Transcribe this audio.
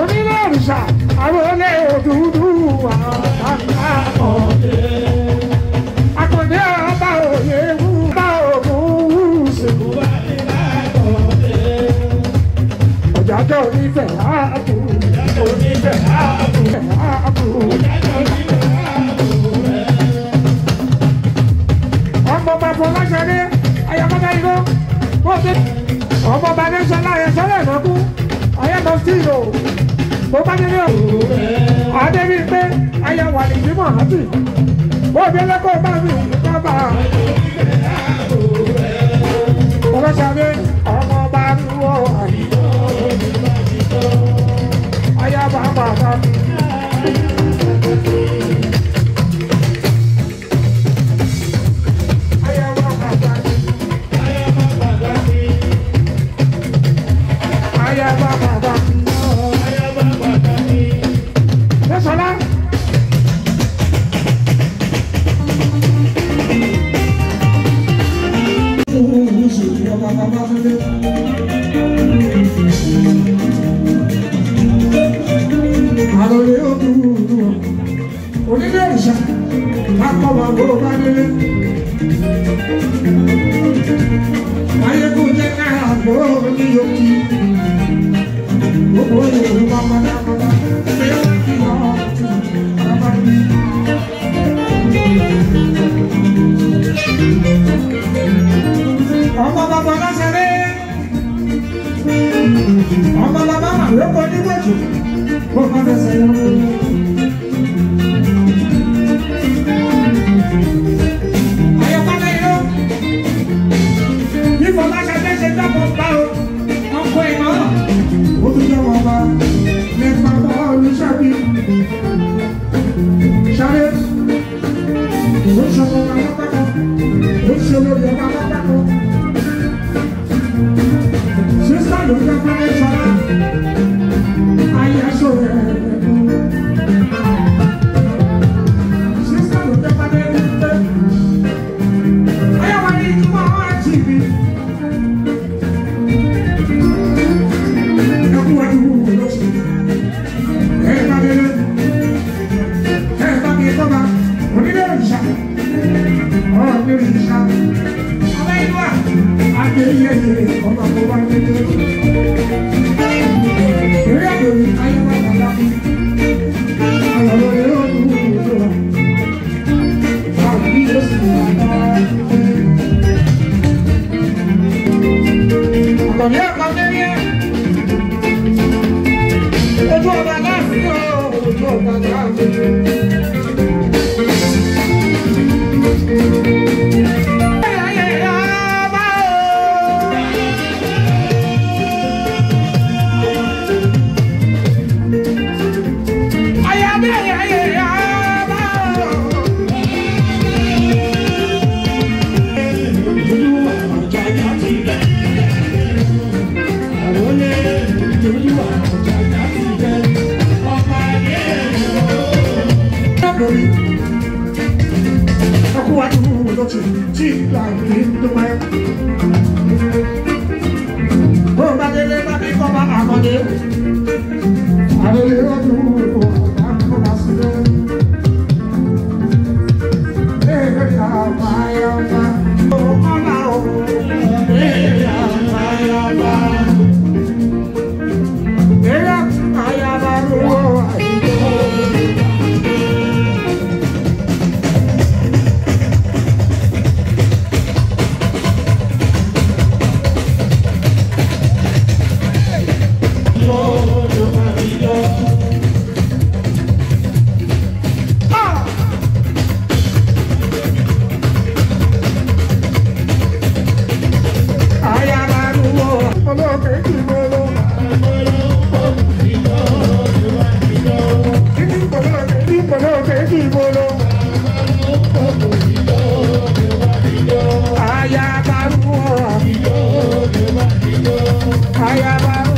onílé òrìṣà àròlé òdúdú àtàkà ọ̀dẹ. Àkàndé ọba òye wú bá ògùn wú sèkú bá nílá ọ̀dẹ. Ọ̀jàjọ́ onífẹ̀ ààbò. Onífẹ̀ ààbò. Ààbò. Ọ̀jàjọ́ onífẹ̀ ààbò. Ọmọ bàbá Ọláṣadé, ayọ̀mọ́ta ìlú, wọ́n ti ọmọ bàbá Ẹ̀ṣọ́lá Ẹ̀ṣọ́lá ayẹ́tọ̀ sí o tó bá délé o àdébí pé aya wà ní ìdímọ̀ àti òbí ẹlẹ́kọ̀ọ́ bá mi bàbá ọlọ́sàbẹ̀ ọmọ bá mi wọ̀ àyè. àròlé òdùdù onílé ìṣá akọwà bó bá délé ayégun jẹ ká àgbò oníyókì. ọmọlọmọ àlókò nígbàjò kó má fẹsẹ̀ lọ. ayọ̀pọ̀lá yìí ó ìfọ̀lákàtẹ́ ṣe dọ́pọ̀ bá o ọkọ̀ ìmọ̀ ó tún jẹ́ wọn bá nípa bá olùṣàbí sáré ó ṣọmọ ọmọ pátákó ó ṣe olórí ọmọ pátákó. nunca começar Aí a chorando Se luta pra derrubar Aí a ali de uma hora tive From here, go to cheat like in the wet. Bro, my day, my day, come on, I'm on it. 开呀吧！